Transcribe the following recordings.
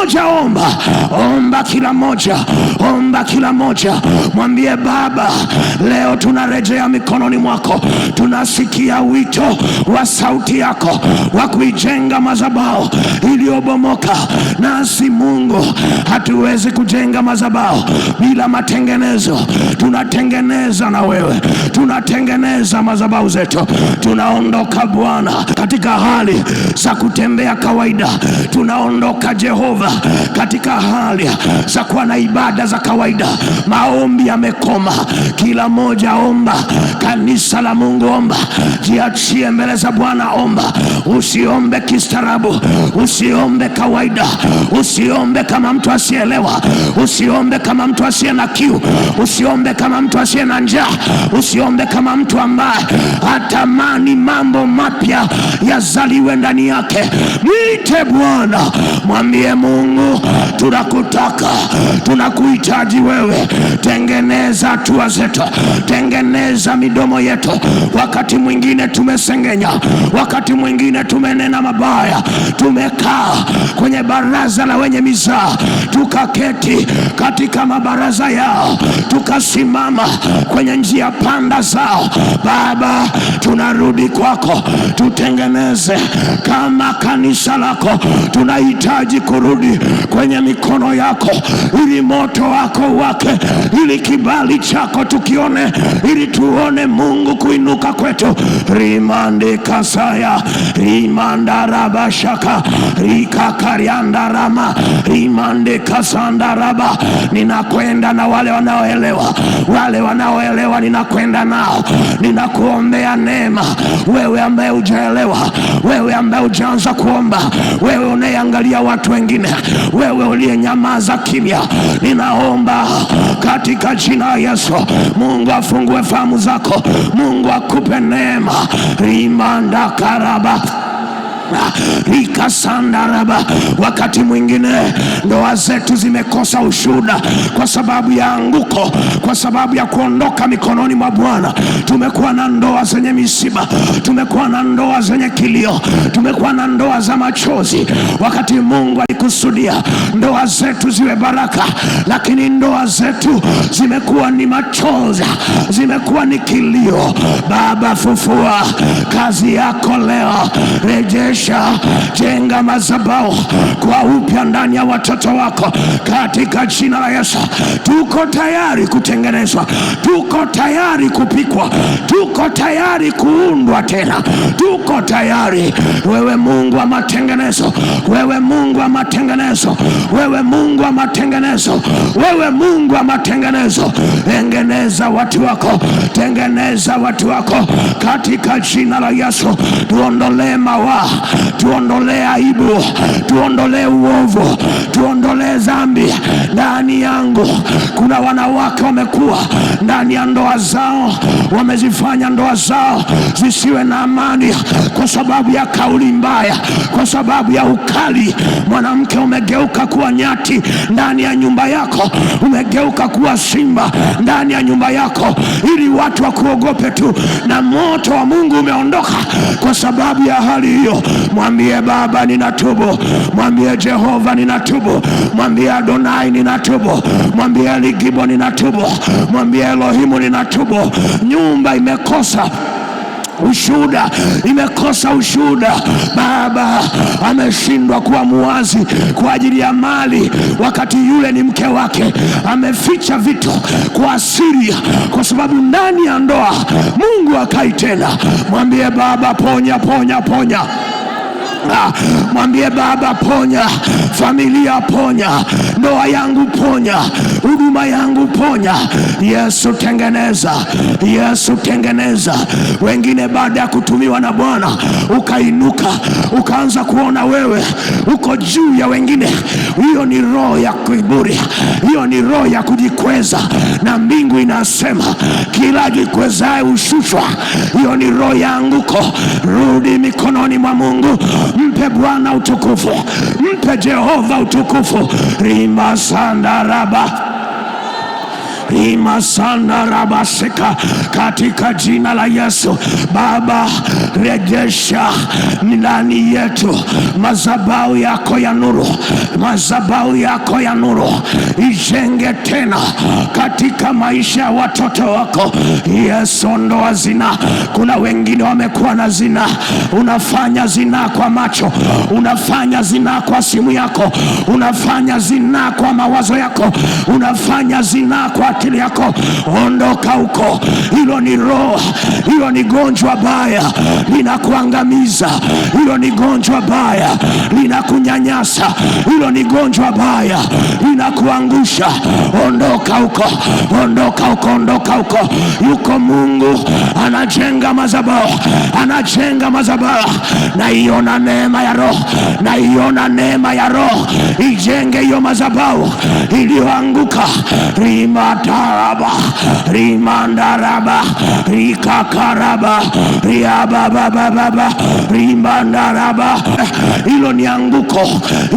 mmoja omba, omba kila mmoja, omba kila mmoja, mwambie Baba, leo tunarejea mikononi mwako, tunasikia wito wa sauti yako wa kuijenga madhabahu iliyobomoka. Nasi Mungu, hatuwezi kujenga madhabahu bila matengenezo. Tunatengeneza na wewe, tunatengeneza madhabahu zetu. Tunaondoka Bwana katika hali za kutembea kawaida, tunaondoka Jehova katika hali za kuwa na ibada za kawaida. Maombi yamekoma, kila mmoja omba. Kanisa la Mungu, omba, jiachie mbele za Bwana, omba. Usiombe kistarabu usiombe kawaida, usiombe kama mtu asielewa, usiombe kama mtu asiye na kiu, usiombe kama mtu asiye na njaa, usiombe kama mtu ambaye atamani mambo mapya yazaliwe ndani yake. Mwite Bwana, mwambie Mungu Mungu, tunakutaka, tunakuhitaji wewe. Tengeneza hatua zetu, tengeneza midomo yetu. Wakati mwingine tumesengenya, wakati mwingine tumenena mabaya, tumekaa kwenye baraza la wenye mizaa, tukaketi katika mabaraza yao tukasimama kwenye njia panda zao. Baba, tunarudi kwako, tutengeneze kama kanisa lako. Tunahitaji kurudi kwenye mikono yako, ili moto wako wake, ili kibali chako tukione, ili tuone Mungu kuinuka kwetu. rimande kasaya rabashaka rikakaryandarama rimande kasandaraba, ninakwenda na wale wanao wanaoelewa, Wale wanaoelewa ninakwenda nao, ninakuombea neema. Wewe ambaye hujaelewa, wewe ambaye hujaanza kuomba, wewe unayeangalia watu wengine, wewe uliyenyamaza kimya, ninaomba katika jina la Yesu, Mungu afungue fahamu zako, Mungu akupe neema rimanda karaba Ah, ikasandaraba. Wakati mwingine ndoa zetu zimekosa ushuda kwa sababu ya anguko, kwa sababu ya kuondoka mikononi mwa Bwana. Tumekuwa na ndoa zenye misiba, tumekuwa na ndoa zenye kilio, tumekuwa na ndoa za machozi, wakati Mungu alikusudia ndoa zetu ziwe baraka, lakini ndoa zetu zimekuwa ni machozi, zimekuwa ni kilio. Baba, fufua kazi yako leo, rejesha maisha. Jenga madhabahu kwa upya ndani ya watoto wako katika jina la Yesu. Tuko tayari kutengenezwa, tuko tayari kupikwa, tuko tayari kuundwa tena, tuko tayari. Wewe Mungu wa matengenezo, wewe Mungu wa matengenezo, wewe Mungu wa matengenezo, wewe Mungu wa matengenezo, tengeneza watu wako, tengeneza watu wako katika jina la Yesu. Tuondolee mawaa tuondolee aibu, tuondolee uovu, tuondolee dhambi ndani yangu. Kuna wanawake wamekuwa ndani ya ndoa zao, wamezifanya ndoa zao zisiwe na amani kwa sababu ya kauli mbaya, kwa sababu ya ukali. Mwanamke, umegeuka kuwa nyati ndani ya nyumba yako, umegeuka kuwa simba ndani ya nyumba yako, ili watu wakuogope tu, na moto wa Mungu umeondoka kwa sababu ya hali hiyo mwambie Baba ninatubu, mwambie Jehova ninatubu, mwambie Adonai ninatubu, mwambie Ligibo ninatubu, mwambie Elohimu ninatubu. Nyumba imekosa ushuhuda imekosa ushuhuda. Baba ameshindwa kuwa muwazi kwa ajili ya mali, wakati yule ni mke wake. Ameficha vitu kwa siri, kwa sababu ndani ya ndoa Mungu akai tena. Mwambie Baba, ponya ponya ponya Ah, mwambie Baba, ponya familia, ponya ndoa yangu, ponya huduma yangu, ponya Yesu, tengeneza Yesu, tengeneza wengine. Baada ya kutumiwa na Bwana ukainuka ukaanza kuona wewe uko juu ya wengine, hiyo ni roho ya kiburi, hiyo ni roho ya kujikweza, na mbingu inasema kila jikwezae hushushwa. Hiyo ni roho ya anguko. Rudi mikononi mwa Mungu. Mpe Bwana utukufu, mpe Jehova utukufu rimasandaraba rabaseka katika jina la Yesu. Baba, rejesha ndani yetu mazabau yako ya nuru, mazabau yako ya nuru ijenge tena katika maisha ya watoto wako Yesu. Ondoa zina. Kuna wengine wamekuwa na zina, unafanya zina kwa macho, unafanya zina kwa simu yako, unafanya zina kwa mawazo yako, unafanya zina kwa akili yako, ondoka huko. Hilo ni roho, hilo ni gonjwa baya, linakuangamiza. Hilo ni gonjwa baya, linakunyanyasa. Hilo ni gonjwa baya, linakuangusha. Ondoka huko, ondoka huko, ondoka huko. Yuko Mungu anajenga mazabao, anajenga na Naiona neema ya Roho, naiona neema ya Roho ijenge hiyo mazabao iliyoanguka rima taraba rimandaraba rikakaraba riababababa rimandaraba. Hilo ni anguko,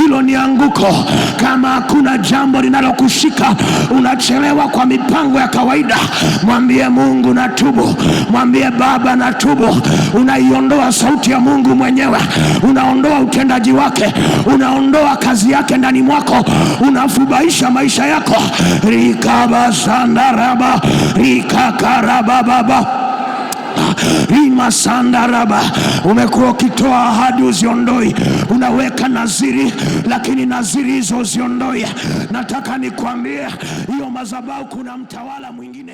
hilo ni anguko. Kama hakuna jambo linalokushika unachelewa kwa mipango ya kawaida, mwambie Mungu na tubu mwambie Baba na tubu Unaiondoa sauti ya Mungu mwenyewe, unaondoa utendaji wake, unaondoa kazi yake ndani mwako, unafubaisha maisha yako rikabas sandaraba rikakarabababa rima sandaraba. Umekuwa ukitoa ahadi uziondoi, unaweka naziri, lakini naziri hizo uziondoi. Nataka nikwambie hiyo madhabahu kuna mtawala mwingine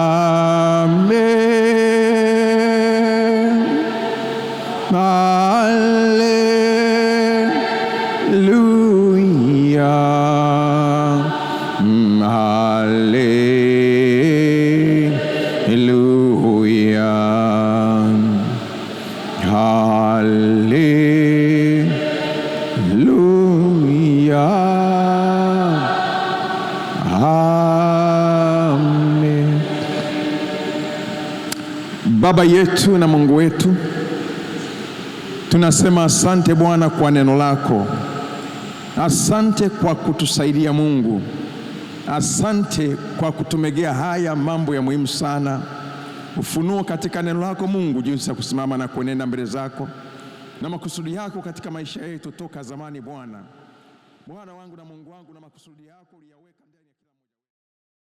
Amen. Baba yetu na Mungu wetu, tunasema asante Bwana kwa neno lako, asante kwa kutusaidia Mungu, asante kwa kutumegea haya mambo ya muhimu sana, ufunuo katika neno lako Mungu, jinsi ya kusimama na kuenenda mbele zako na makusudi yako katika maisha yetu toka zamani Bwana. Bwana wangu na Mungu wangu, na makusudi yako uliyawe